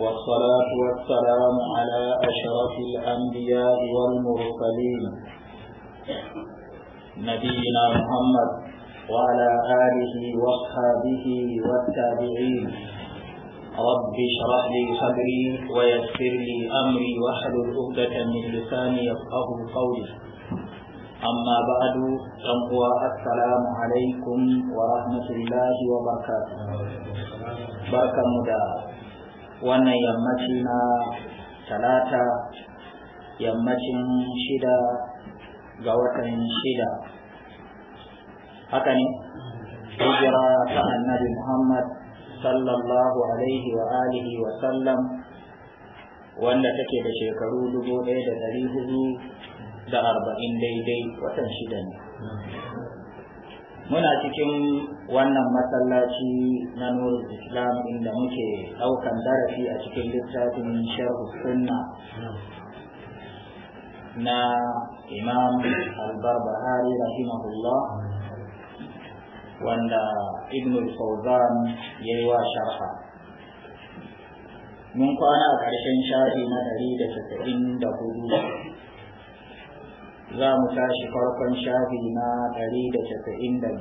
والصلاة والسلام على أشرف الأنبياء والمرسلين نبينا محمد وعلى آله وصحبه والتابعين رب اشرح لي صدري ويسر لي أمري واحلل عقدة من لساني يفقه قولي أما بعد فهو السلام عليكم ورحمة الله وبركاته بركة مدار wannan yammaci na talata yammacin shida ga watan shida haka ne hijira ta annabi muhammad sallallahu alaihi wa alihi wa sallam wanda take da shekaru dubu ɗaya da ɗari hudu da arba'in daidai watan shida ne muna cikin wannan matsalaci na nurul islam inda muke daukan darasi a cikin littafin sharh sunna na imam al-barbahari rahimahullah wanda ibn al-fawzan ya yi wa sharha mun kwana a ƙarshen shafi na 194 za mu tashi farkon shafi na 195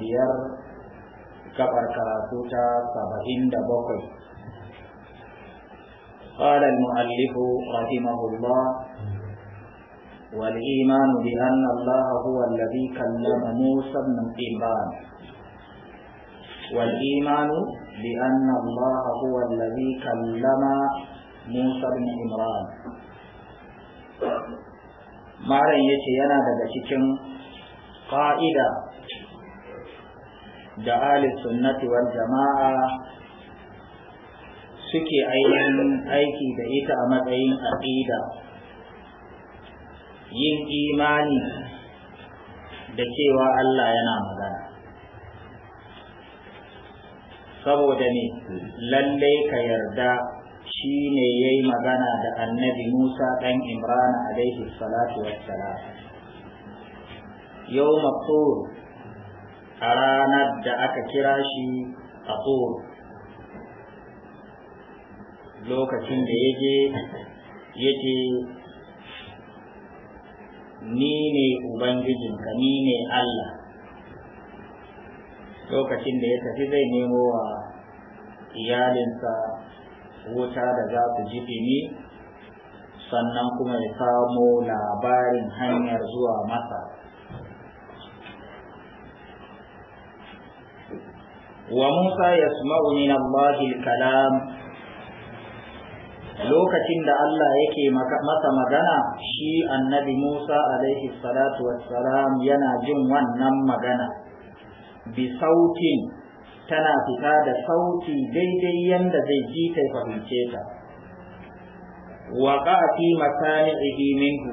gabar karatu ta 77 قال المؤلف رحمه الله والإيمان بأن الله هو الذي كلم موسى من إبان والإيمان بأن الله هو الذي كلم موسى بن عمران maran ya ce yana daga cikin ƙa'ida da ahli sunnati wal jama'a suke ainihin aiki da ita a matsayin aƙida yin imani da cewa Allah yana magana saboda ne lallai ka yarda shi ne ya yi magana da annabi musa ɗan imran daiki salatu wassalam yau matsur a ranar da aka kira shi a lokacin da ya je ya ce ni ne ubangijinka ni ne allah lokacin da ya tafi zai nemo wa iyalinsa wuta da za ku ji ni sannan kuma ya samo labarin hanyar zuwa masa wa musa ya sumau min kalam lokacin da allah yake masa magana shi annabi musa alaihi salatu wassalam yana jin wannan magana bi sautin tana fita da sauti daidai yanda zai ji ta fahimce ta qati masani masani'ihi minhu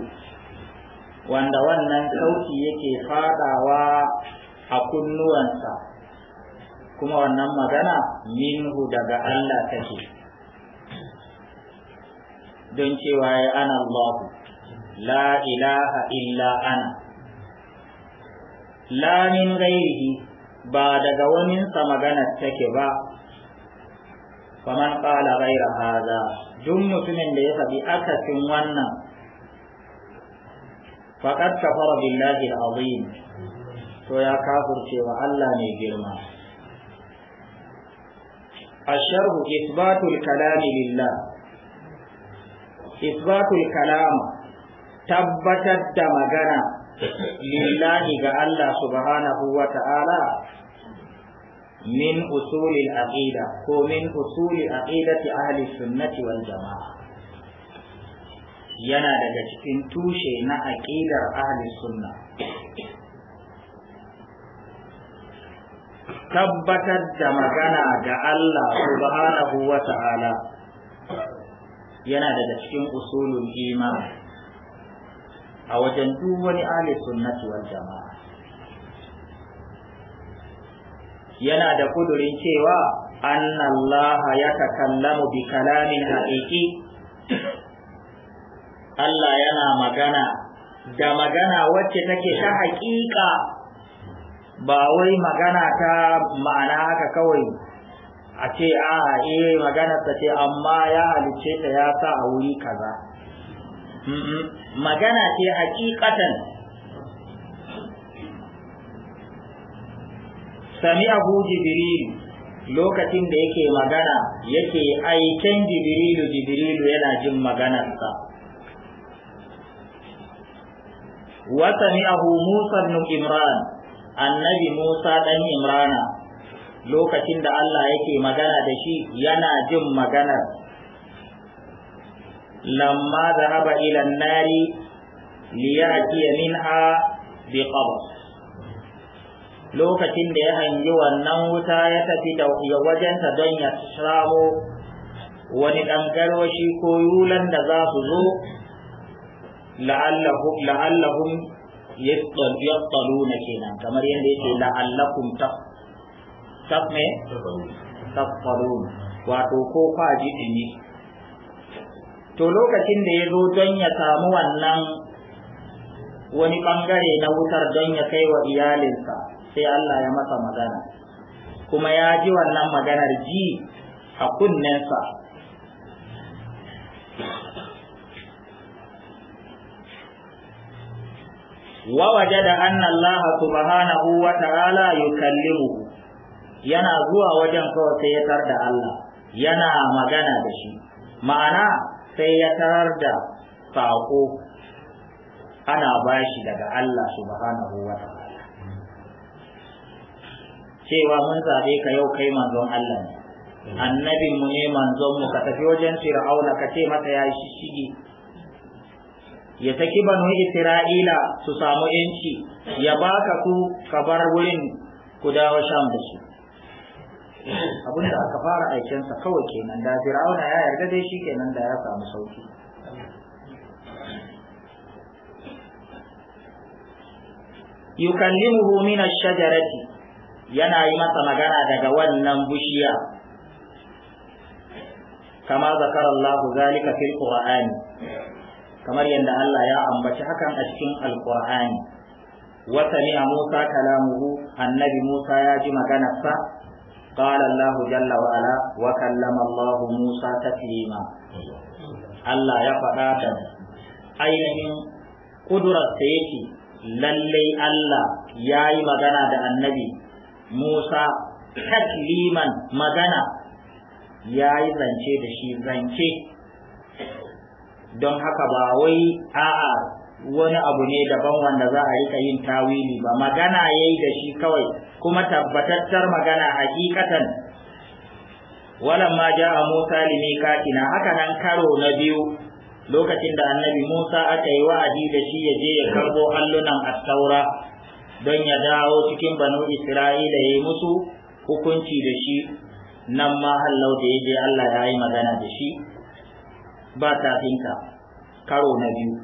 wanda wannan sauti yake fadawa a kunnuwansa kuma wannan magana minhu daga Allah take don cewa ya ana Allah la ilaha illa ana la min ghairihi ba daga waninsa maganar take ba kamar ƙala ghaira haza duk mutumin da ya faɗi akasin wannan faƙad kafara billahi azim to ya kafurce wa Allah ne girma asharhu إثبات kalami لله tabbatar da magana lillahi ga Allah subhanahu wa ta'ala min usulil aqida ko min usuli aqidati ahli sunnati wal jama'a yana daga cikin tushe na aqidar ahli sunna tabbatar da magana ga Allah subhanahu wa ta'ala yana daga cikin usulul iman a wajen duk wani ahli sunnati wal jama'a yana da kudurin cewa annallaha ya takallamu bi kalamin haƙiƙi Allah yana magana da magana wacce take ta haƙiƙa ba wai magana ta ma'ana haka kawai a ce a eh maganarsa ce amma ya halice ta ya sa a wuri kaza magana ce haƙiƙatan. abu jibrilu lokacin da yake magana yake aiken jibrilu jibrilu yana jin maganarsa wa sami'ahu musa ibn imran annabi musa dan imrana lokacin da Allah yake magana da shi yana jin maganar lamma zahaba ila nari min minha biqabr lokacin da ya hangi wannan wuta ya tafi da wajenta don ya samo wani ɗan garwashi ko yulan da za su zo ya la'allahum yattaluna kenan kamar yadda yake la'allakum taf me tafalun wato ko kwaji ɗumi to lokacin da ya zo don ya samu wannan wani ɓangare na wutar don ya kai wa iyalinsa sai Allah ya masa magana kuma ya ji wannan maganar ji a kunnensa da أن subhanahu wa ta'ala yukallimu yana zuwa wajen kawai sai ya tarda da Allah yana magana da shi ma'ana sai ya tarar da saƙo ana bashi daga Allah subhanahu wa cewa mun zabe ka yau kai manzon Allah ne mm. annabin mu ne manzon mu ka tafi wajen fir'auna ka ce masa ya shige ya saki banu isra'ila su samu yanci ya baka ku ka bar wurin ku dawo sham da su abin da aka fara aikensa kawai kenan da fir'auna ya yarda dai shi kenan da ya samu sauki yukallimuhu min ash-shajarati yana yi masa magana daga wannan bushiya kama zakar Allah zalika fil qur'ani kamar yadda Allah ya ambaci hakan a cikin alqur'ani wa sami'a Musa kalamuhu annabi Musa ya ji maganarsa قال الله جل وعلا وكلم الله موسى تكليما Allah ya faɗa da ainihin ƙudurarsa yake lallai Allah ya yi magana da annabi Musa takliman magana ya yi zance da shi zance don haka ba wai a'a wani abu ne daban wanda za a rika yin tawili ba magana ya yi da shi kawai kuma tabbatattar magana hakikatan walamma a Musa limiqatina haka nan karo na biyu lokacin da annabi Musa aka yi wa'adi da shi ya je ya karbo allunan at don ya dawo cikin banu isra'ila ya yi musu hukunci da shi nan ma hallau da ya je allah ya yi magana da shi ba ta finka, karo na biyu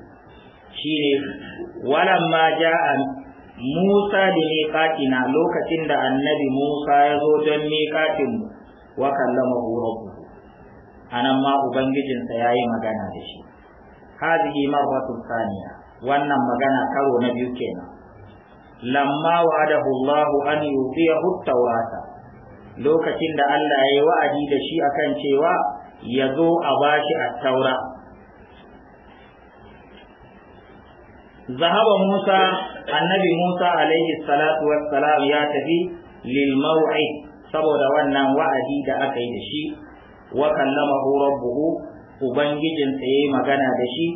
shi ne walamma a musa da na lokacin da annabi musa ya zo don miƙaƙinmu wa kallama rabbu anan ma ubangijinsa ya yi magana da shi hazihi marwatun saniya wannan magana karo na biyu kenan lamma wa'adahu Allahu an ya tawrata lokacin da Allah ya yi wa'adi da shi akan cewa ya zo a bashi at-taura zahaba Musa annabi Musa alaihi salatu wassalam ya tafi lil saboda wannan wa'adi da aka yi da shi wa kallamahu rabbuhu ubangijin tsaye magana da shi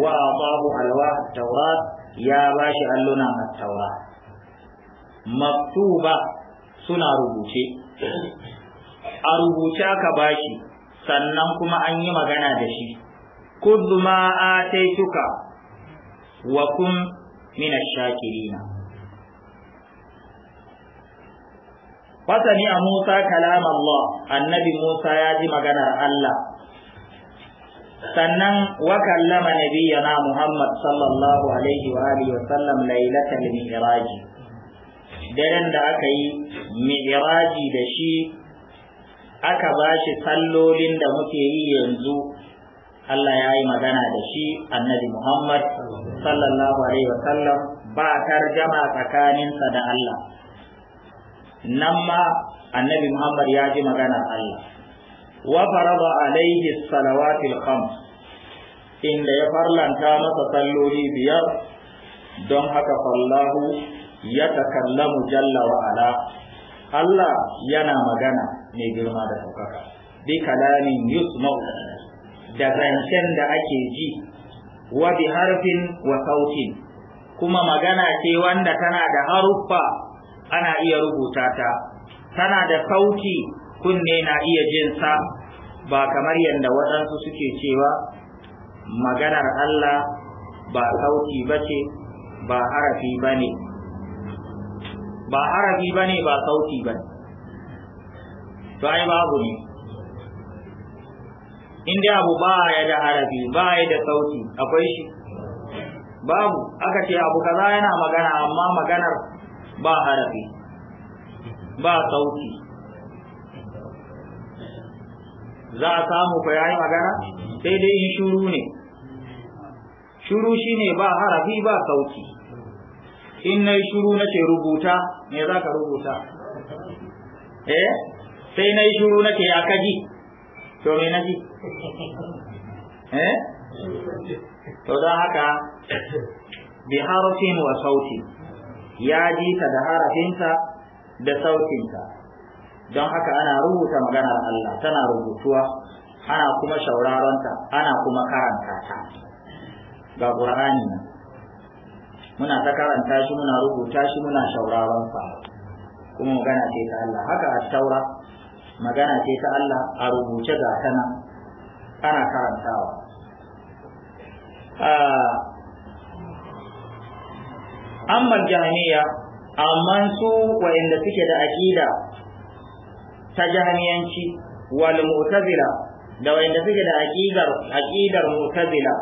wa atahu alwa taurat ya bashi allunan at-taurat maktuba suna rubuce a rubuce aka bashi sannan kuma an yi magana da shi kudu ma ataituka wa kun mina shakirina fasani a Musa kalam Allah annabi Musa ya ji maganar Allah sannan wa kallama nabiyana Muhammad sallallahu alaihi wa alihi wa sallam lailatal mi'raj daren da aka yi mi'raji da shi aka ba shi sallolin da muke yi yanzu Allah ya yi magana da shi annabi Muhammad sallallahu alaihi wa sallam ba tarjama tsakaninsa da Allah nan ma annabi Muhammad ya ji magana Allah wa farada alaihi salawatil khams inda ya farlanta masa salloli biyar don haka fallahu ya takallamu jalla wa ala Allah yana magana mai girma da saukaka bi kalamin yusma'u da zancen da ake ji wa bi harfin wa sautin kuma magana ce wanda tana da haruffa ana iya rubuta ta tana da sauti kunne na iya jin sa, ba kamar yadda waɗansu suke cewa maganar Allah ba sauti ba ce ba harafi ba ne ba arabi ba ne ba sauti ba ne to ai babu ne in abu ba ya da arabi ba ya da sauti akwai shi babu aka ce abu kaza yana magana amma maganar ba harafi ba sauti za a samu ko yayi magana sai dai in shuru ne shuru shine ba harafi ba sauti in na yi shuru na ce rubuta me za ka rubuta eh sai na yi shuru na ce ya kaji to me na ji eh to don haka bi harafin wa sauti ya ji ta da harafinta da sautinta don haka ana rubuta maganar Allah tana rubutuwa ana kuma shauraronta ana kuma karanta ta ga Qur'ani nan muna ta karanta shi muna rubuta shi muna shauraron sa kuma magana ce ta Allah haka a taura magana ce ta Allah a rubuce ga tana ana karantawa ah, amma jahmiya amma su wa'anda suke da akida ta jahmiyanci wal mu'tazila da wa'anda suke da aqidar aqidar mu'tazila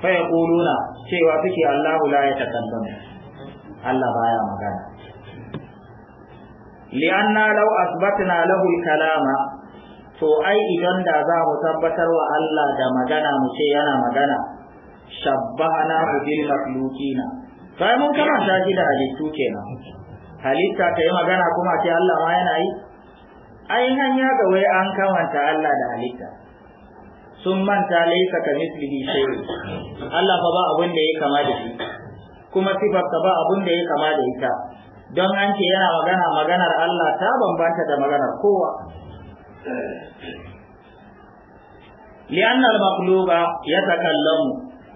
fa yaquluna cewa suke Allahu la yatakallamu Allah baya magana li'anna law asbatna lahu al-kalama to ai idan da za mu tabbatar wa Allah da magana mu ce yana magana shabbahana bil makhluqina sai mun karanta shi da halittu kenan halitta ta magana kuma ce Allah ma yana yi ai hanya ga wai an kamanta Allah da halitta sun manta laisa ka mislihi shay'un Allah fa ba abun da ya kama da shi kuma sifar ba abun da ya kama da ita don an ce yana magana maganar Allah ta bambanta da maganar kowa li'anna al-makhluqa yatakallamu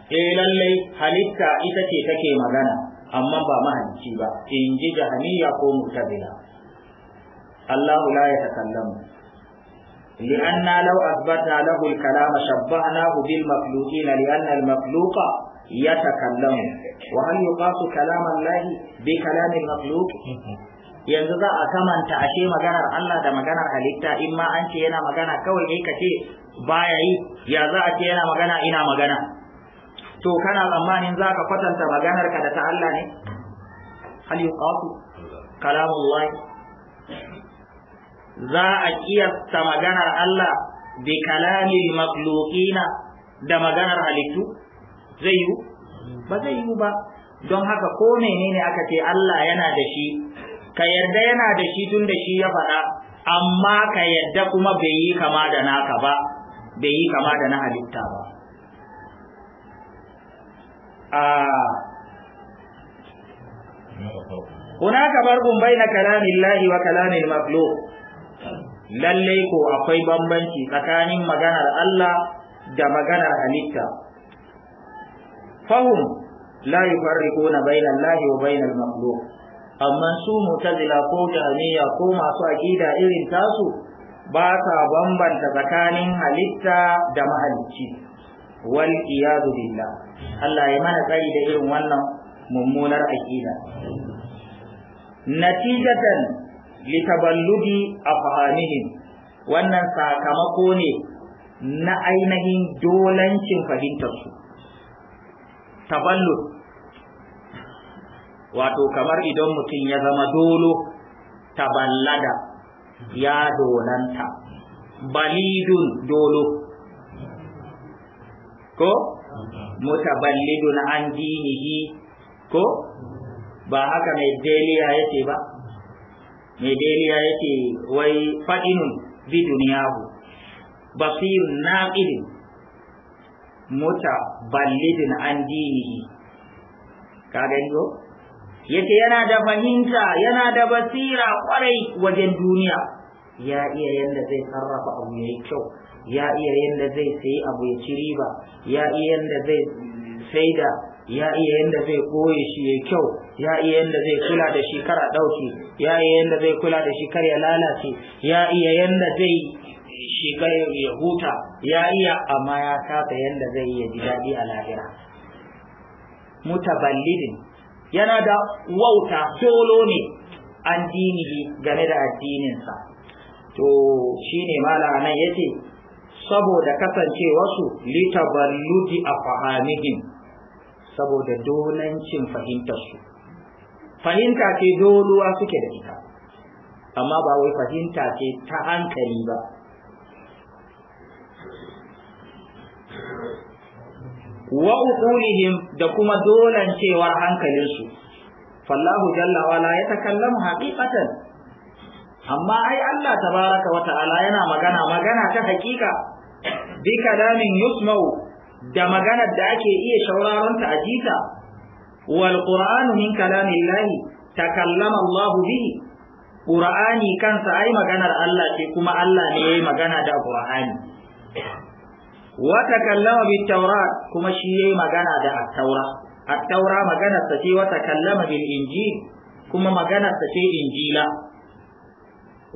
e lallai halitta ita ce take magana amma ba mahalicci ba in ji jahaniya ko mutazila Allah la yatakallamu لأن لو أثبتنا له الكلام شبهناه بالمخلوقين لأن المخلوق يتكلم وهل يقاس كلام الله بكلام المخلوق yanzu za a kamanta ashe maganar Allah da maganar halitta in ma an ce yana magana kawai ne ka ce baya yi ya za a ce yana magana ina magana to kana tsammanin za ka kwatanta maganar ka da ta Allah ne hal yuqatu kalamullahi za a kiyasta maganar Allah bi kalamin makhluqina da maganar halittu zai yi ba zai yi ba don haka ko menene aka ce Allah yana da shi ka yarda yana da shi tun da shi ya faɗa amma ka yarda kuma bai yi kama da naka ba bai yi kama da na halitta ba هناك فرق بين كلام الله وكلام المخلوق lallai ko akwai bambanci tsakanin maganar Allah da maganar halitta fahum la yufarriquna baina Allah wa baina al-makhluq amma su mu'tazila ko jahmiya ko masu aqida irin tasu ba sa bambanta tsakanin halitta da mahalicci wal iyadu billah Allah ya mana tsari da irin wannan mummunar aqida natijatan litaballudi afhamihim wannan sakamako ne na ainihin dolancin fahimtarsu taballud wato kamar idan mutum ya zama dolo taballada ya dolanta balidun dolo ko mutaballidun an dinihi ko ba haka mai jeliya yake ba mai ya yake wai fa'inun bi duniyahu basirun naqidin muta ballidin an dini. ka gani ko yace yana da fahimta yana da basira kwarai wajen duniya ya iya yanda zai sarrafa abu yayi kyau ya iya yanda zai sayi abu ya ci riba ya iya yanda zai saida ya iya yanda zai koye shi ya kyau ya iya yanda zai kula da shi kar a ɗauki, ya iya yanda zai kula da shi kar ya lalace ya iya yanda zai shiga ya huta ya iya amma ya kasa yanda zai ya ji daɗi a lahira mutaballidin yana da wauta solo ne an dinihi game da addininsa to shine mala nan yace saboda kasance wasu, litaballudi a fahamihim saboda fahimtar su. fahimta ce doluwa suke da ita amma ba wai fahimta ce ta hankali ba wa uqulihim da kuma dolan cewar hankalinsu fallahu jalla wala ya takallamu haqiqatan amma ai Allah tabaraka wa ta'ala yana magana magana ta haqiqa bi kalamin yusma'u da maganar da ake iya shauraron ta ajita wal qur'anu min kalamillahi takallama Allah bihi qur'ani kansa ai maganar Allah ce kuma Allah ne yayi magana da qur'ani wa takallama bit tawrat kuma shi yayi magana da at-taura at ce wa takallama bil injil kuma maganar ce injila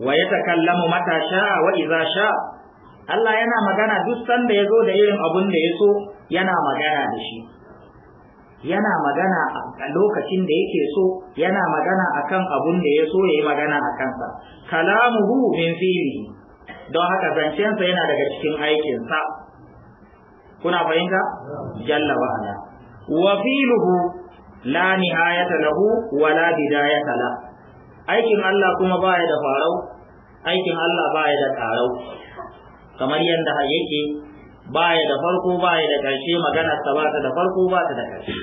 wa yatakallamu mata sha'a wa idza sha'a Allah yana magana duk sanda ya zo da irin abun da ya so yana magana da shi yana magana a lokacin da yake so yana magana akan abun da ya so ya yi magana a kansa kalamuhu min fili don haka zancensa yana daga cikin aikinsa kuna fahimta jalla wa ala wa filuhu la nihayata lahu wa la bidayata la aikin Allah kuma baya da farau aikin Allah baya da karau kamar yadda yake baya da farko baya da ƙarshe magana ta ba ta da farko ba ta da ƙarshe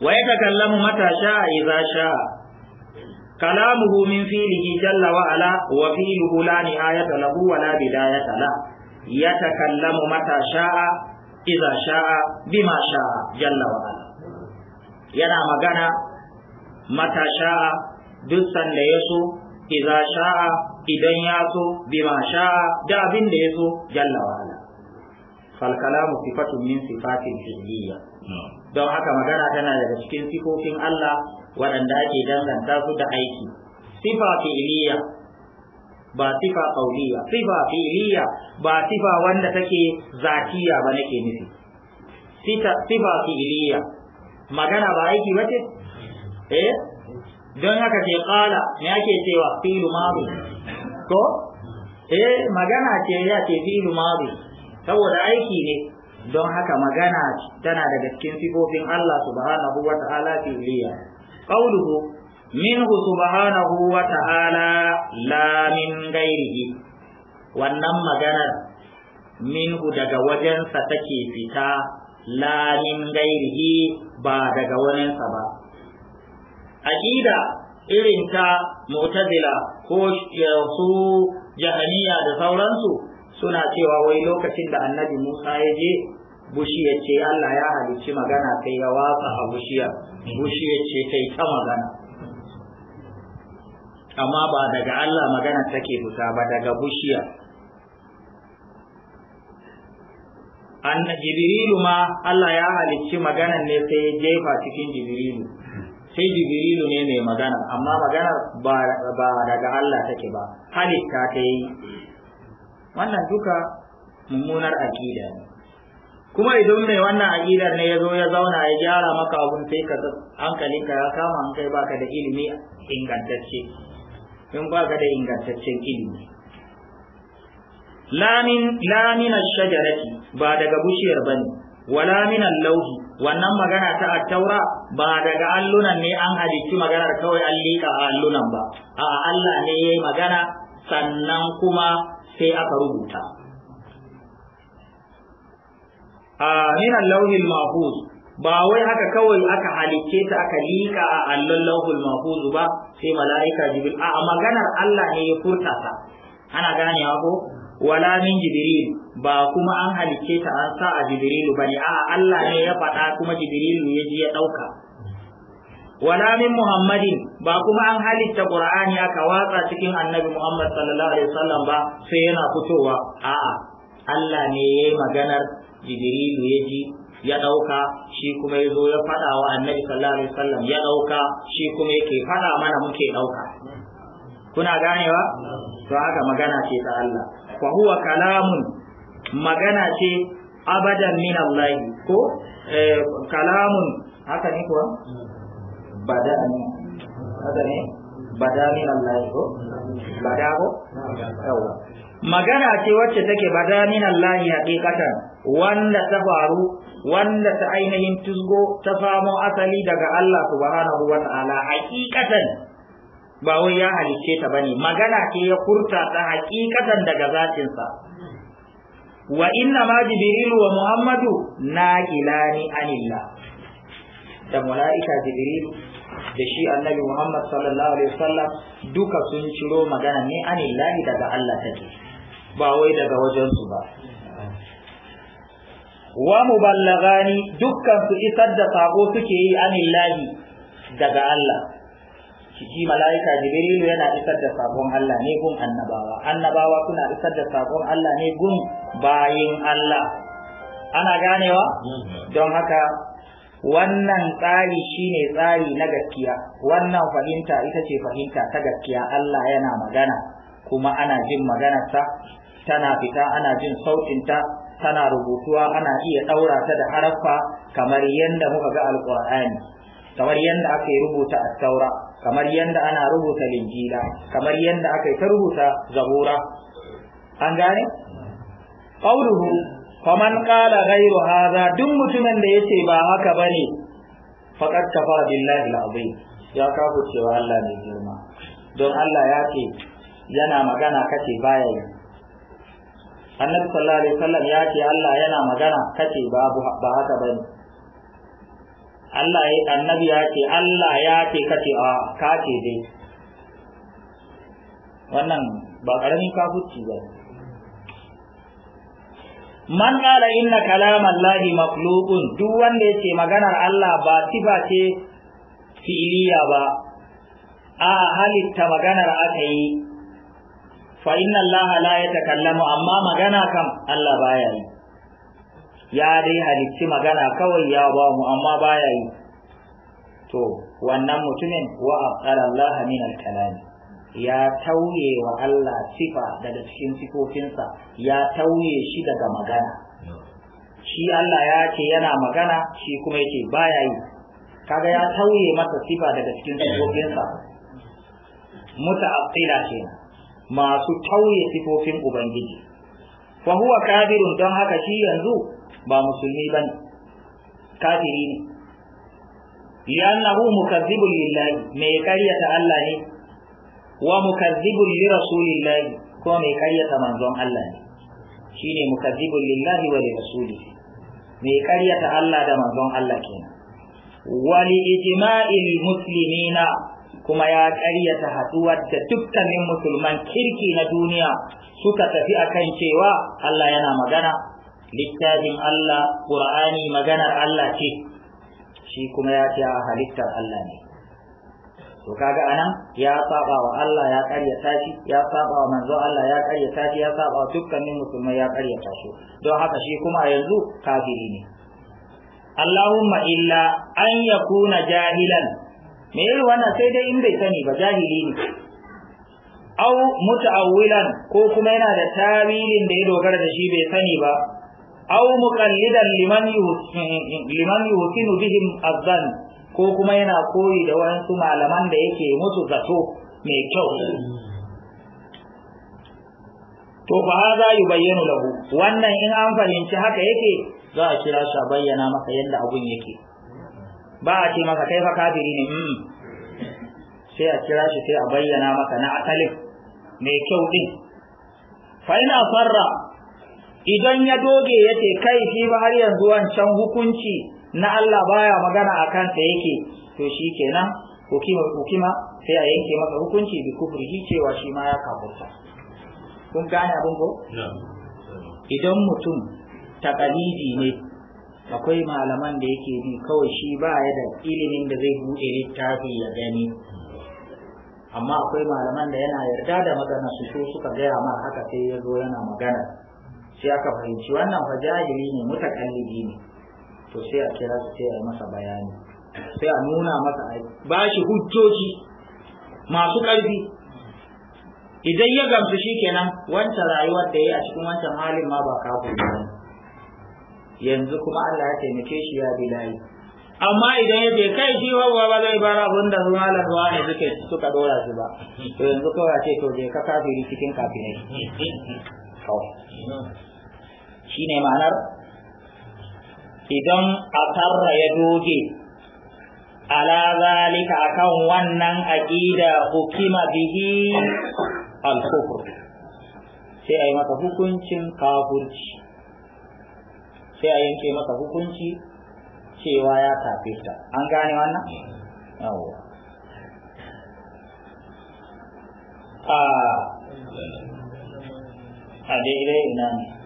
wa ya takallamu matasha a iza sha'a kalamuhu min filihi jalla wa ala wa filuhu la nihayata lahu wa la bidayata la yatakallamu matasha a iza sha'a bima sha'a jalla wa ala yana magana matasha sha'a duk sanda ya so iza sha'a idan ya so bima sha da abin da ya so jalla wahala. fal kalamu sifatun min sifatin fi'liya don haka magana tana daga cikin sifofin Allah waɗanda ake danganta su da aiki sifa fi'liya ba sifa qauliya sifa fi'liya ba sifa wanda take zatiya ba nake nufi sifa fi'liya magana ba aiki ba ce? eh don haka ke kala me ake cewa fi'lu maru. ko eh magana ce ya ce fi'lu madi saboda aiki ne don haka magana tana daga cikin sifofin Allah subhanahu wa ta'ala liya qauluhu minhu subhanahu wa ta'ala la min ghairihi wannan maganar minhu daga wajensa take fita la min ghairihi ba daga waninsa ba aqida irin ta mu'tazila ko su jahaniya da sauransu suna cewa wai lokacin da annabi musa ya je ya ce allah ya halicci magana sai ya watsa a bushiya ya ce kai ta magana amma ba daga allah magana take fita ba daga bushiya annabi jibrilu ma allah ya halicci magana ne sai ya jefa cikin jibrilu sai jibrilu ne mai magana amma magana ba daga Allah take ba halitta ta yi wannan duka mummunar akida kuma idan mai wannan aƙidar ne yazo ya zauna ya gyara maka abun sai ka hankalinka ya kama an kai baka da ilimi ingantacce in baka da ingantaccen ilimi lamin lamin shajarati ba daga bushiyar bane wala min lauhi wannan magana ta attaura ba daga allunan ne an halicci maganar kawai an liƙa a allunan ba a Allah ne ya magana sannan kuma sai aka rubuta a min al mahfuz ba wai haka kawai aka halice ta aka lika a allon lauhul mahfuz ba sai mala'ika jibril a maganar Allah ne ya furta ta ana ganewa ko wala min jibril ba kuma an halicce ta an sa a jibrilu bane a Allah ne ya faɗa kuma jibrilu ya ji ya ɗauka wala min muhammadin ba kuma an halitta qur'ani aka watsa cikin annabi muhammad sallallahu alaihi wasallam ba sai yana fitowa a'a Allah ne ya yi maganar jibrilu ya ji ya ɗauka shi kuma ya zo ya faɗa wa annabi sallallahu alaihi wasallam ya ɗauka shi kuma yake faɗa mana muke ɗauka kuna ganewa to haka magana ce ta Allah fa huwa kalamun magana ce abadan min Allah ko eh, kalamun haka ne kuwa bada ne haka ne bada min Allah ko bada ko yawa magana ce wacce take bada min Allah haqiqatan wanda ta faru wanda ta ainihin tuzgo ta samo asali daga Allah subhanahu wa ta'ala haqiqatan ba wai ya halicce ta bane magana ce ya furta ta hakikatan daga zatinsa wa inna ma jibrilu wa muhammadu na ilani anillah da malaika jibrilu da shi annabi muhammad sallallahu alaihi wasallam duka sun ciro magana ne anillahi daga Allah take ba wai daga wajensu ba wa muballagani dukkan su isar da sako suke yi anillahi daga Allah shi mala'ika jibrilu yana isar da sabon Allah ne gun annabawa annabawa suna isar da sabon Allah ne gun bayin Allah ana ganewa mm-hmm. don haka wannan tsari shine tsari na gaskiya wannan fahimta ita ce fahimta ta gaskiya Allah yana magana kuma ana jin maganarsa tana fita ana jin sautinta tana rubutuwa ana iya ɗaura ta da harafa kamar yadda muka ga alƙur'ani kamar yadda aka rubuta a taura kamar yadda ana rubuta linjila kamar yadda aka yi ta rubuta zabura an gane qauluhu faman qala ghayru haza duk mutumin da ya ce ba haka bane faqad kafara billahi alazim ya kafu cewa Allah ne girma don Allah ya ce yana magana kace baya yi annabi sallallahu alaihi wasallam ya ce Allah yana magana kace babu ba haka bane Allah ya annabi ya ce Allah ya ce kace a ah, ka ce dai wannan ba karamin kafirci ba man qala inna kalama Allahi makhluqun duk wanda yace maganar Allah ba sifa ce fi'iliya ba a halitta maganar aka yi fa inna Allah la yatakallamu amma magana kam Allah baya yi ya dai halitti magana kawai ya ba mu amma baya yi to wannan mutumin wa aqara Allah min al-kalam ya tauye wa Allah sifa daga cikin sifofinsa ya tauye shi daga magana shi Allah ya ce yana magana shi kuma yake baya yi kaga ya tauye masa sifa daga cikin sifofinsa muta'aqqila ce masu tauye sifofin ubangiji fa huwa kafirun don haka shi yanzu ba musulmi ba ne kafiri ne li'annahu mukazzibun lillahi mai karyata Allah ne wa mukazzibun li rasulillahi ko mai karyata manzon Allah ne shine mukazzibun lillahi wa li rasulihi mai karyata Allah da manzon Allah kenan wa li ijma'il muslimina kuma ya karyata haduwar da dukkanin musulman kirki na duniya suka tafi akan cewa Allah yana magana littafin Allah ƙur'ani maganar Allah ce shi kuma ya ce halittar Allah ne to kaga anan ya saba wa Allah ya karyata shi ya saba wa manzo Allah ya karyata shi ya saba wa dukkanin musulmai ya karyata shi don haka shi kuma a yanzu kafiri ne Allahumma illa an kuna jahilan me yi wannan sai dai in bai sani ba jahili ne au muta'awwilan ko kuma yana da tawilin da ya dogara da shi bai sani ba aw muqallidan liman liman yuhsinu bihim azzan ko kuma yana koyi da wasu malaman da yake musu zato mai kyau to za yi bayyana lahu wannan in an fahimci haka yake za a kira shi bayyana maka yadda abun yake ba a ce maka kai fa kafiri ne mm. sai a kira shi sai a bayyana maka na asalin mai kyau din fa ina farra idan ya doge ya ce kai shi ba har yanzu wancan hukunci na Allah baya magana a kansa yake to shi kenan hukima hukima sai a yanke masa hukunci bi kufri cewa shi ma ya kafurta kun gane abin ko idan mutum takalidi ne akwai malaman da yake bi kawai shi ba ya da ilimin da zai buɗe littafi ya gani amma akwai malaman da yana yarda da magana su so suka gaya ma haka sai ya zo yana magana sai aka fahimci wannan fa jahili ne mutakallidi ne to sai a kira su sai a yi masa bayani sai a nuna masa a ba shi hujjoji masu ƙarfi idan ya gamsu shikenan wancan rayuwar da ya a cikin wancan halin ma ba kafin ba yanzu kuma Allah ya taimake shi ya bi layi amma idan ya ce kai shi wawa ba zai bar abin da su malar ne suke suka dora su ba to yanzu kawai ce to je ka kafiri cikin kafirai kawai Shi ne ma'anar idan a asarra ya doge ala zalika kan wannan aƙida hukima bihi alkufur sai a yi masa hukuncin kafurci sai a yanke masa hukunci cewa ya tafi ta an gane wannan yawon a ah, a daidai ina ne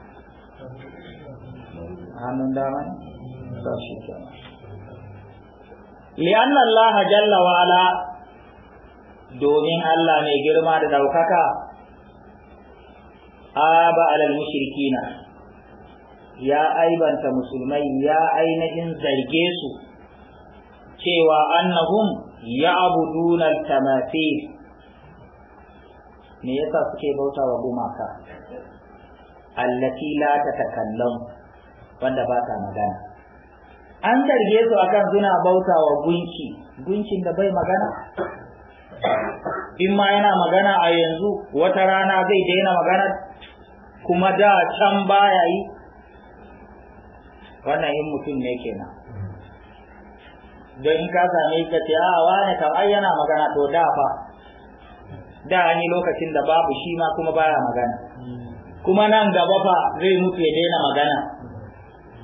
hannun dama ne Allah jalla wa ala domin Allah mai girma da daukaka aba alal na. ya aibanta musulmai ya ainihin zarge su cewa annahum ya'buduna al-tamathil me yasa suke bauta wa gumaka allati la tatakallamu wanda ba ta magana an zarge su akan suna bauta wa gunki gunkin da bai magana in ma yana magana a yanzu wata rana zai daina magana kuma da can baya yi wannan yin mutum ne kenan don in ka same ka ce a wane kam ai yana magana to da fa da ni lokacin da babu shi ma kuma baya magana kuma nan gaba fa zai mutu ya daina magana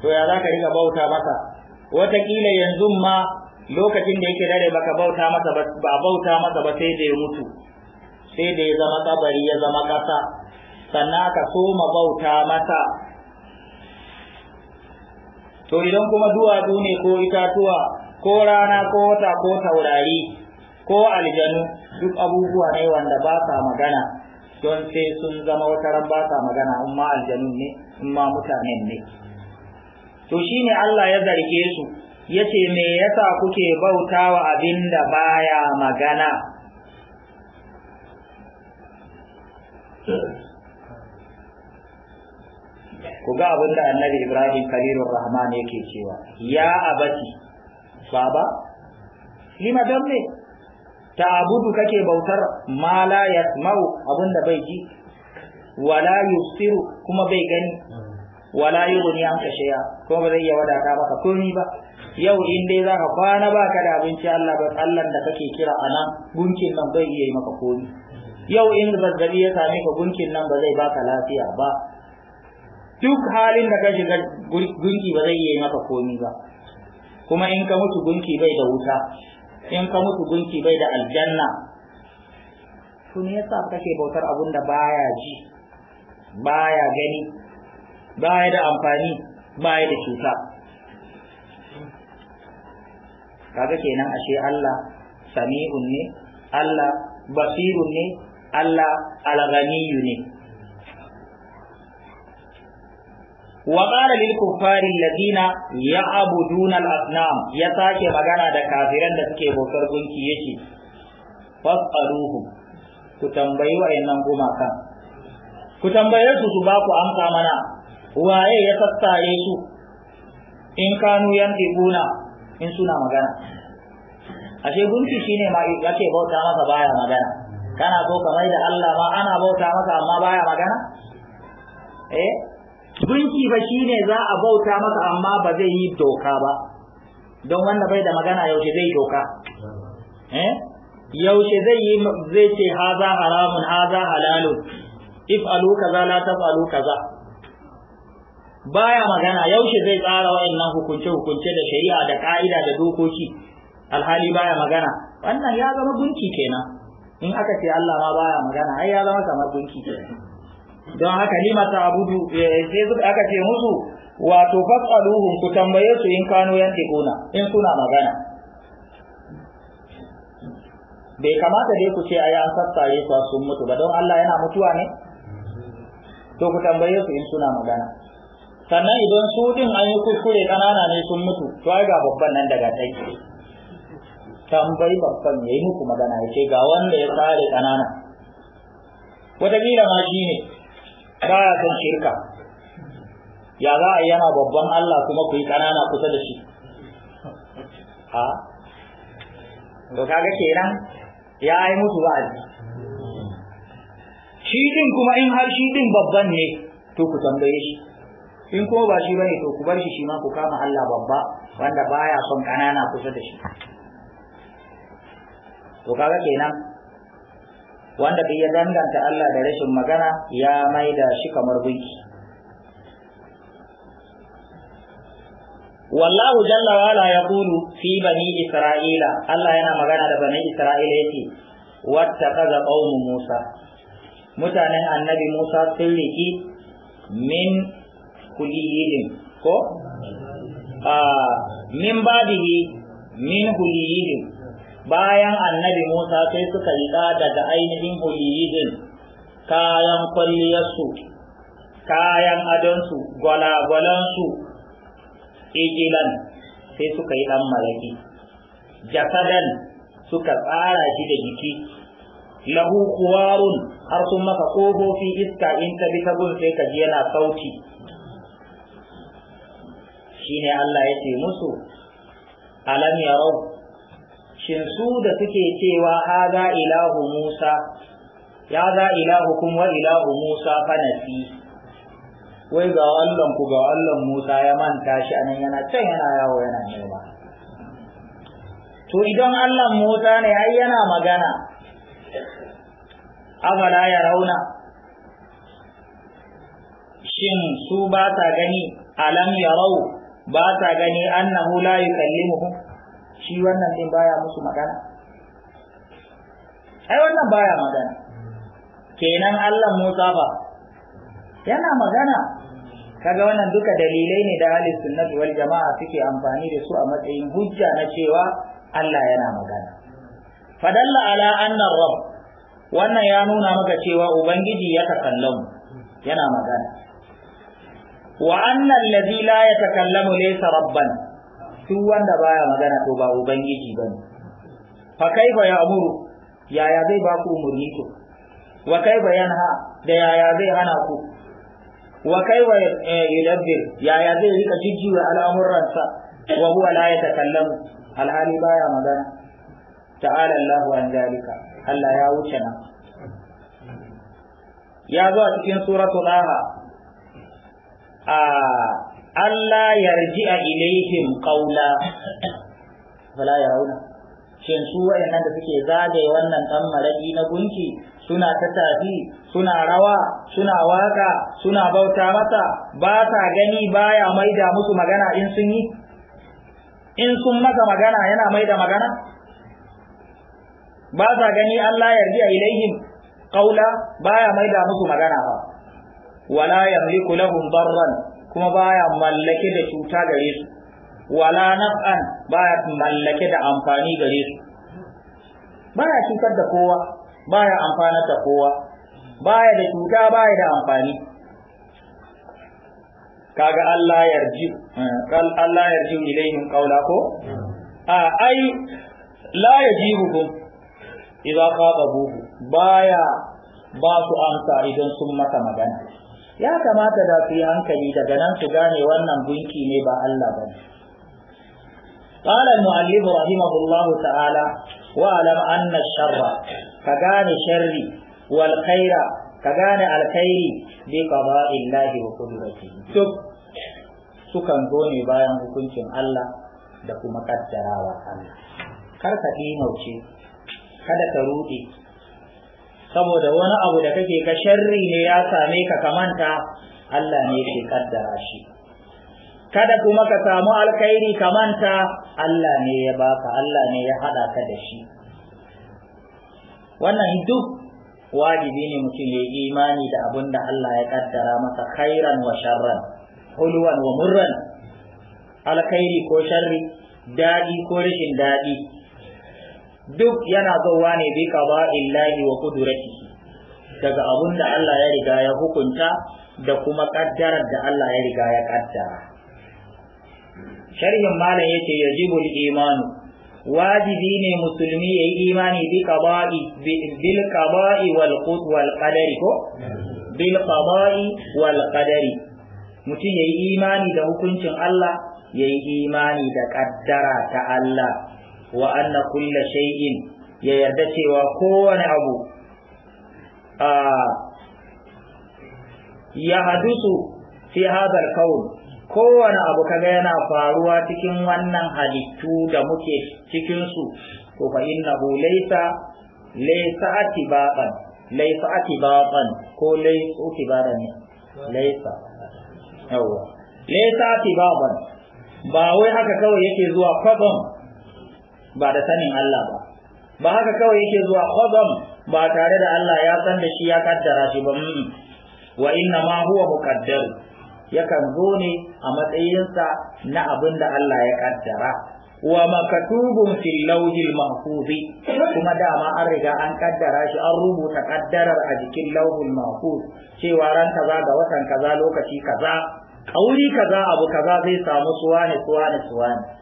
to ya za ka riga bauta masa wataƙila yanzu ma lokacin da yake dare baka bauta masa ba bauta masa ba sai da ya mutu sai da ya zama kabari ya zama kasa sannan ka soma bauta masa to idan kuma duwatsu ne ko itatuwa ko rana ko wata ko taurari ko aljanu duk abubuwa ne wanda ba sa magana don sai sun zama wata ran ba sa magana amma aljanu aljanun ne amma mutanen ne to shine Allah ya zarge su yace me yasa kuke bautawa abinda baya magana ku ga abinda annabi ibrahim khalilur rahman yake cewa ya abati baba lima dambe ta abudu kake bautar ma la yasma'u abin bai ji wala yusiru kuma bai gani wala yughni an kashiya ko ba zai iya wadata maka komi ba yau in dai za ka kwana ba ka da abinci Allah ba Allah da kake kira a nan gunkin nan bai iya yi maka komi yau in zazzabi ya same ka gunkin nan ba zai baka lafiya ba duk halin da ka shiga gunki ba zai iya yi maka komi ba kuma in ka mutu gunki bai da wuta in ka mutu gunki bai da aljanna to me yasa kake bautar abin da baya ji baya gani baya da amfani baya da cuta kaga kenan ashe Allah sami'un ne Allah basirun ne Allah alghaniyu ne wa qala lil kuffari alladhina ya'buduna al-asnam ya sake magana da kafiran da suke bautar gunki yake fasaruhu ku tambayi wa'annan ku tambaye su su ba ku amsa mana waye ya sassare su in kanu yan dibuna in suna magana ashe gunki shine ma yake bauta masa baya magana kana so kamar da Allah ma ana bauta masa amma baya magana eh gunki ba shine za a bauta masa amma ba zai yi doka ba don wanda bai da magana yaushe zai doka eh yaushe zai yi zai ce haza haramun haza halalun if alu kaza la tafalu kaza baya magana yaushe zai tsara waɗannan hukunce-hukunce da shari'a da ka'ida da dokoki alhali baya magana wannan ya zama gunki kenan in aka ce Allah ma baya magana ai ya zama kamar gunki kenan don haka ta abudu eh, sai aka ce musu wato fasaluhum ku tambaye su in kano yanke kuna in suna magana bai kamata dai ku ce ai an sassaye su sun mutu ba don Allah yana mutuwa ne to ku tambaye su in suna magana sannan idan su din an yi kuskure kanana ne sun mutu to ai ga babban nan daga tai tambayi babban yi muku magana ce, ga wanda ya tsare kanana wataƙila ma shi ne ba ya san shirka ya za a yana babban Allah kuma ku yi ƙanana kusa da shi a to kaga kenan ya yi musu wa'azi shi din kuma in har shi din babban ne to ku tambaye shi in ko ba shi bane to ku bar shi shi ma ku kama Allah babba wanda baya son kanana kusa da shi to kaga kenan wanda bai ya danganta Allah da rashin magana ya maida shi kamar gunki wallahu jalla ya ala yaqulu fi bani isra'ila Allah yana magana da bani isra'ila yake wattaqaza qaumu musa mutanen annabi musa sun riki min Kuliyihin ko A ah, min babihi min kuliyihin, bayan annabi Musa sai suka riƙa daga ainihin kuliyihin kayan kwalliyarsu kayan adonsu gwalagwalansu igilan sai suka yi ɗan malaki jasadan suka tsara shi da jiki lahu kuwarun har sun maka ƙofofi iska in ka bi ta gun sai ka ji yana sauti shine Allah ya ce musu alam yarau shin su da suke cewa haza ilahu Musa ya za kum wa ilahu Musa fa nasi wai ga Allah ku ga Allah Musa ya manta shi anan yana can yana yawo yana nema to idan Allah Musa ne ai yana magana afala ya rauna shin su ba ta gani alam yarau ba ta gani annahu la yukallimuhum shi wannan din baya musu magana ai wannan baya magana kenan Allah Musa ba yana magana kaga wannan duka dalilai ne da ahli sunnati wal jama'a suke amfani da su a matsayin hujja na cewa Allah yana magana fadalla ala anna rabb wannan ya nuna maka cewa ubangiji ya takallamu yana magana wa annal ladhi la yatakallamu laysa rabban duk wanda baya magana to ba ubangiji bane fa kaifa ya'muru yaya zai ba ku umurni to wa kaifa yanha da yaya zai hana ku wa kaifa eh, yudabbir yaya zai rika jijjiwa al'amuransa wa huwa la yatakallamu alhali baya magana ta'ala Allahu an zalika Allah ya wuce nan ya zo a cikin suratul Laha Allah yarji a ilaihim qaula fala rauna shin su wayannan da suke zagaye wannan dan maraki na gunki suna ta tafi suna rawa suna waka suna bauta masa ba ta gani baya maida musu magana in sun yi in sun masa magana yana maida magana ba ta gani Allah yarji a ilaihim qaula baya maida musu magana ba wala yamliku lahum darran kuma baya mallake da cuta gare su wala naf'an baya mallake da amfani gare su baya cutar da kowa baya amfanar da kowa baya da cuta baya da amfani kaga Allah yarji kal eh, Allah yarji ilaihim qawla ko a ai la yajibuhum idza khatabuhu baya ba su amsa idan sun mata magana ya kamata da su yi hankali daga nan su gane wannan gunki ne ba Allah ba قال المؤلف رحمه الله تعالى واعلم أن الشر كجان شر والخير كجان الخير بقضاء الله وقدرته شوف sukan zo ne bayan hukuncin Allah da kuma kaddarawa Allah kar ka ɗimauce kada ka ruɗe saboda wani abu da kake ka sharri ne ya same ka kamanta Allah ne ke kaddara shi kada kuma ka samu alkhairi kamanta Allah ne ya baka Allah ne ya hada ka da shi wannan duk wajibi ne mutum ya yi imani da abin da Allah ya kaddara masa khairan wa sharran hulwan wa murran alkhairi ko sharri daɗi ko rashin daɗi duk yana zowa ne bi qada illahi wa kudrati daga abun da Allah ya riga ya hukunta da kuma kaddarar da Allah ya riga ya kaddara sharhin malam yace yajibul imanu wajibi ne musulmi yayi imani bi qada'i bil qada'i wal qud wal qadari ko bil qada'i wal qadari mutum yayi imani da hukuncin Allah yayi imani da kaddara ta Allah wa anna kulla shay'in ya yarda cewa kowane abu a ya hadusu fi hadal kaun kowane abu kaga yana faruwa cikin wannan halittu da muke cikin su to fa innahu laysa laysa atibaban laysa atibaban ko laysa atibaban ne laysa yawa laysa atibaban ba wai haka kawai yake zuwa kwabon ba da sanin Allah ba ba haka kawai yake zuwa khazam ba tare da Allah ya san da shi ya kaddara shi ba wa inna ma huwa muqaddar yakan zo ne a matsayinsa na abin da Allah ya kaddara wa makatubun fil lawhil mahfuz kuma dama an riga an kaddara shi an rubuta kaddarar a jikin lawhul mahfuz cewa ran kaza ga watan kaza lokaci kaza kauri kaza abu kaza zai samu suwane suwane suwane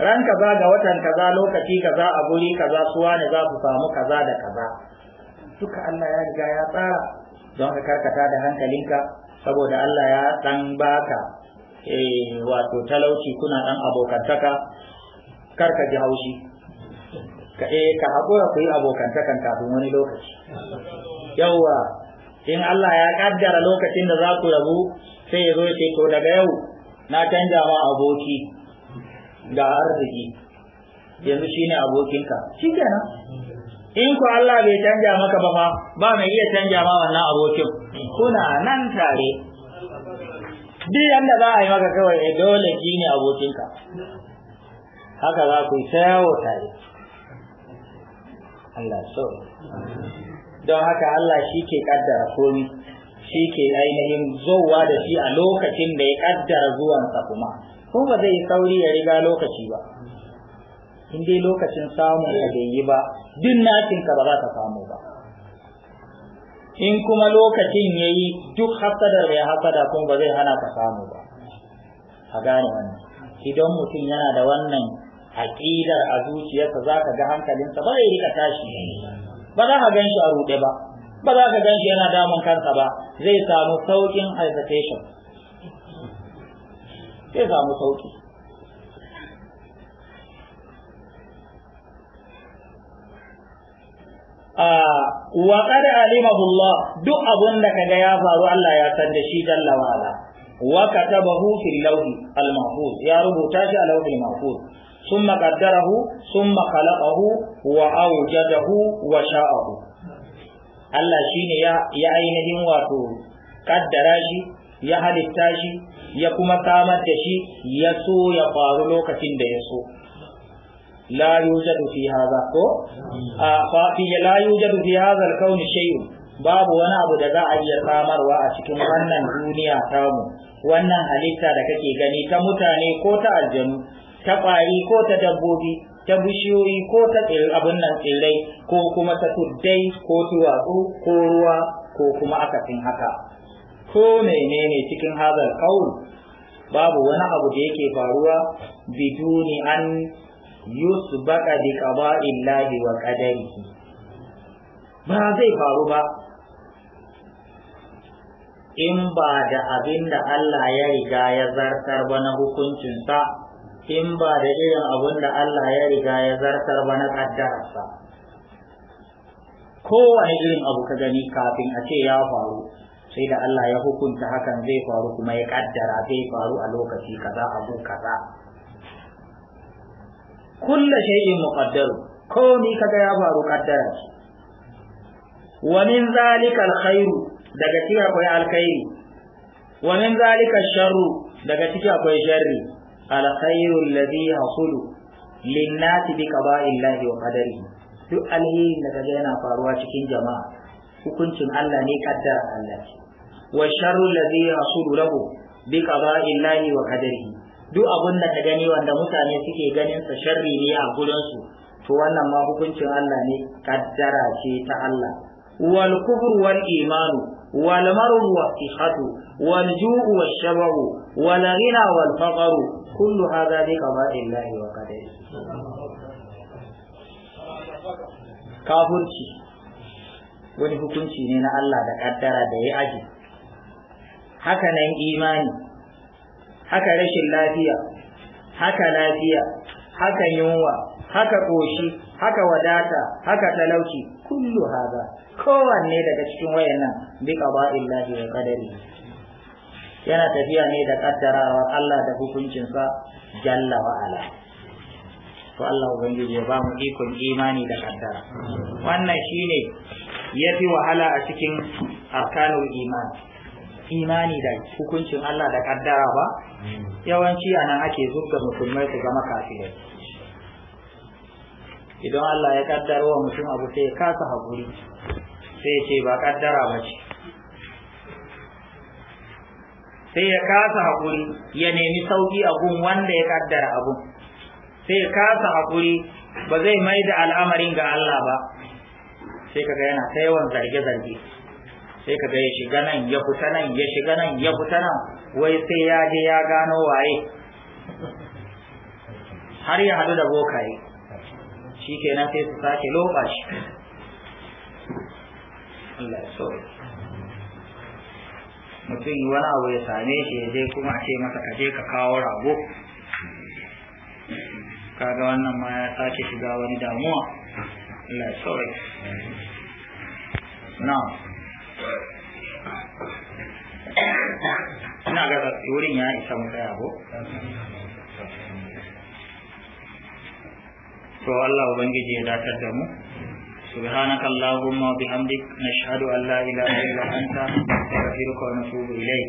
ran kaza ga watan kaza lokaci kaza a guri kaza suwa ne za su samu kaza da kaza duka Allah ya riga ya tsara don ka karkata da hankalinka saboda Allah ya dan baka eh wato talauci kuna dan abokantaka karka ji haushi ka eh ka hakura ku yi abokantakan kafin wani lokaci yawa in Allah ya kaddara lokacin da za ku rabu sai ya zo ya ce to daga yau na canja ma aboki ga arziki yanzu shine abokinka shikenan in ku Allah bai canja maka ba ma, ba mai iya canja ma wannan abokin kuna nan tare duk yanda za a yi maka kawai eh, dole shi ne abokinka haka za ku yi ta yawo tare Allah so don haka Allah shi ke kaddara komi shi ke ainihin zowa da shi a lokacin da ya kaddara zuwansa kuma ko ba zai yi sauri ya riga lokaci ba in dai lokacin samun ka bai yi ba duk nakinka ka ba za ka samu ba in kuma lokacin ya yi duk hasadar da ya hasada kuma ba zai hana ka samu ba a gane wannan idan mutum yana da wannan aƙidar a zuciyarsa za ka ga hankalinsa ba zai rika tashi ba za ka gan shi a ruɗe ba ba za ka gan shi yana damun kansa ba zai samu sauƙin hesitation sai samu sauki wa qad alimahu duk abun da kaga ya faru Allah ya san da shi jalla wa wa katabahu fil lawhi al mahfuz ya rubuta shi a lawhil mahfuz thumma qaddarahu thumma khalaqahu wa awjadahu wa sha'ahu Allah shine ya ya ainihin wato kaddara shi ya halitta shi ya kuma samar da shi ya so ya faru lokacin da ya so la yujadu fi hadha ko a fa fi la yujadu fi hadha al-kawn babu wani abu da za a iya samarwa a cikin wannan duniya tamu wannan halitta da kake gani ta mutane ko ta aljanu ta ƙwari ko ta dabbobi ta bishiyoyi ko ta abin nan tsirrai ko kuma ta tuddai ko tuwatsu ko ruwa ko kuma akasin haka ko menene cikin hazar kaul babu wani abu da yake faruwa biduni an yusbaka bi qada'illahi wa qadarihi ba zai faru ba in ba da abin da Allah ya riga ya zartar ba na hukuncinsa in ba da irin abin da Allah ya riga ya zartar ba na ƙaddararsa kowane irin abu ka gani kafin a ce ya faru sai da Allah ya hukunta hakan zai faru kuma ya kaddara zai faru a lokaci kaza abu kaza kulla shay'in muqaddaru komai kaga ya faru kaddara shi wa min zalika alkhairu daga cikin akwai alkhairi wa min zalika sharru daga cikin akwai sharri alkhairu alladhi hasulu linnati bi qada'illahi wa qadarihi duk alheri da kaga yana faruwa cikin jama'a hukuncin Allah ne kaddara Allah ce wa sharru allazi yasuru lahu bi qada'illahi wa qadarihi duk abun da ta gani wanda mutane suke ganin sa sharri ne a gurin su to wannan ma hukuncin Allah ne kaddara ce ta Allah wal kufru wal imanu wal maru wa sihatu wal ju'u wash shabu wal ghina wal faqru kullu hadha bi qada'illahi wa qadarihi kafirci wani hukunci ne na Allah da kaddara da ya aji haka nan imani haka rashin lafiya haka lafiya haka yunwa haka koshi haka wadata haka talauci kullu haza kowanne daga cikin wayannan bi qada'illahi wa qadari yana tafiya ne da kaddarawar Allah da hukuncinsa jalla wa ala to Allah ubangiji ya ba mu ikon imani da kaddara wannan shine ya fi wahala a cikin arkanul iman imani da hukuncin Allah da kaddara ba yawanci a nan ake zubga musulmai su zama kafirai idan Allah ya kaddara wa mutum abu sai ya kasa haƙuri sai ya ce ba kaddara ba ce sai ya kasa haƙuri ya nemi sauƙi a gun wanda ya kaddara abun sai ya kasa haƙuri ba zai mai da al'amarin ga Allah ba sai kaga yana ta yawan zarge-zarge sai kaga ya shiga nan ya fita nan ya shiga nan ya fita nan wai sai ya je ya gano waye har ya hadu da bokaye shi kenan sai su sake loba shi Allah so mutum wani abu ya same shi ya je kuma ce masa ka je ka kawo rago kaga wannan ma ya sake shiga wani damuwa na ina ga wurin ya isa mu tsaya to Allah ubangiji ya datar da mu سبحانك اللهم وبحمدك نشهد أن لا إله إلا أنت نستغفرك ونتوب إليك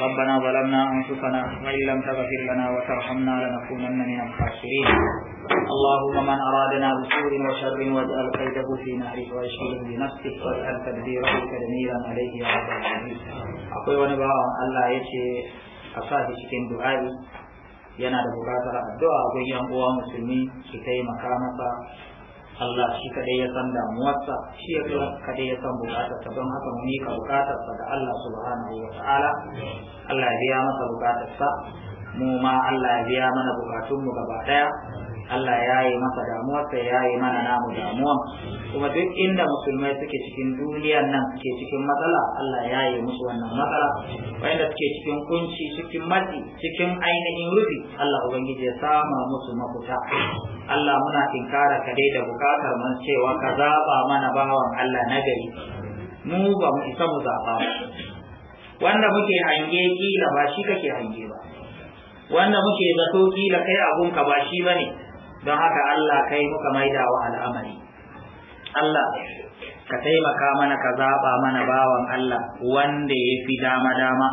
ربنا ظلمنا أنفسنا وإن لم تغفر لنا وترحمنا لنكونن من الخاسرين اللهم من أرادنا بسوء وشر واجعل قيده في نهره واشغله بنفسه واجعل تدبيره تدميرا عليه يا رب العالمين أقول wani bawan Allah ya ce دعائي sa shi الدعاء du'a'i yana da bukatar addu'a Allah shi kadai ya san damuwarsa shi ya kadai ya san bukatarsa don haka mu mika bukatarsa ga Allah subhanahu wa ta'ala Allah ya biya masa bukatarsa mu ma Allah ya biya mana mu gaba daya Allah ya yi masa sai ya yi mana namu damuwa. kuma duk inda musulmai suke cikin duniyar nan suke cikin matsala Allah ya yi musu wannan matsala wanda suke cikin kunci cikin matsi cikin ainihin rufi Allah ubangiji ya sama musu mafuta Allah muna tinkara ka dai da bukatar mun cewa ka zaba mana bawan Allah na gari mu ba mu isa mu zaba wanda muke hange kila ba shi kake hange ba wanda muke zato kila kai abun ka ba shi bane don haka Allah kai muka maida wa al'amari Allah ka taimaka mana ka zaɓa mana bawan Allah wanda ya fi dama-dama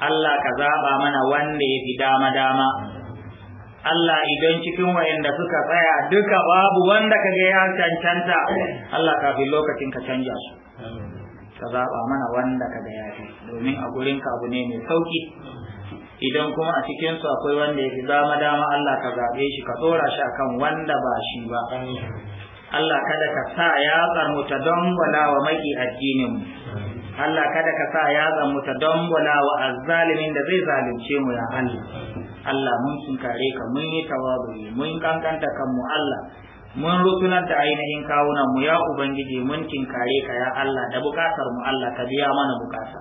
Allah ka zaɓa mana wanda ya fi dama-dama Allah idan cikin wayanda suka tsaya duka babu wanda ga ya cancanta Allah kafin lokacin ka canja su ka zaba mana wanda ka ya fi domin a gurinka abu ne mai sauki idan kuma a cikin su akwai wanda ya fi zama dama Allah ka zaɓe shi ka tsora shi akan wanda ba shi ba Allah kada ka sa ya tsar mu ta wala wa maki addinin mu Allah kada ka sa ya yatsar mu ta wala wa azzalimin da zai zalunce mu ya Allah Allah mun sun kare ka mun yi tawabi mun kankanta kanmu Allah mun rutunar da ainihin kawunan mu ya ubangiji mun tinkare ka ya Allah da bukatar mu Allah ka biya mana bukata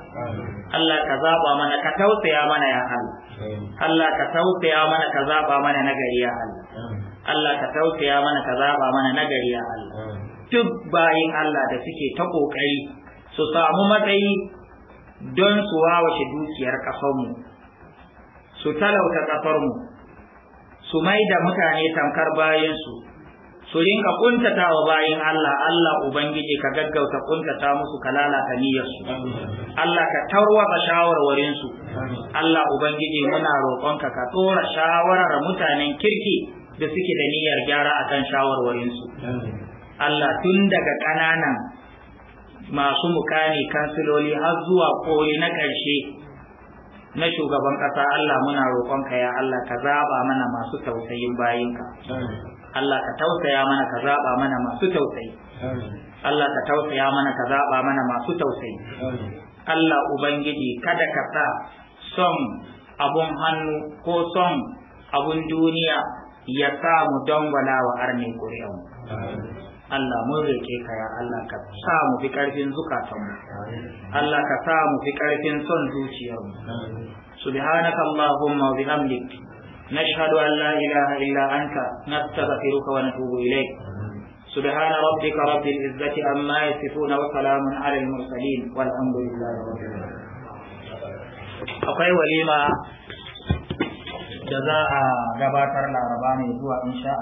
Allah ka zaba mana ka tausaya mana ya Allah Allah ka tausaya mana ka zaba mana nagari ya Allah Allah ka tausaya mana ka zaba mana nagari ya Allah duk bayin Allah da suke ta kokari su samu matsayi don su wawashe dukiyar kasanmu su talauta kasarmu su mai da mutane tamkar bayansu su rinka kuntata wa bayin Allah Allah ubangiji ka gaggauta kuntata musu ka lalata niyyarsu Allah ka tarwata shawarwarinsu. Allah ubangiji muna roƙonka ka tsora shawarar mutanen kirki da suke da niyyar gyara akan kan su Allah tun daga ƙananan masu mukami kansiloli har zuwa koli na ƙarshe na shugaban ƙasa Allah muna roƙonka ya Allah ka zaba mana masu tausayin bayinka Allah ka tausaya mana ka zaba mana masu tausayi Allah ka tausaya mana ka zaba mana masu tausayi Allah Ubangiji kada ka sa son abun hannu ko son abun duniya ya sa mu dangwala wa arnin ƙuri'an Allah mun reke ka ya Allah ka sa mu fi ƙarfin zukatanmu Allah ka sa mu fi ƙarfin son zuciyarmu subhanaka allahumma wa bihamdik نشهد أن لا إله إلا أنت نستغفرك ونتوب إليك سبحان ربك رب العزة عما يصفون وسلام على المرسلين والحمد لله رب العالمين akwai walima da za a gabatar laraba mai zuwa insha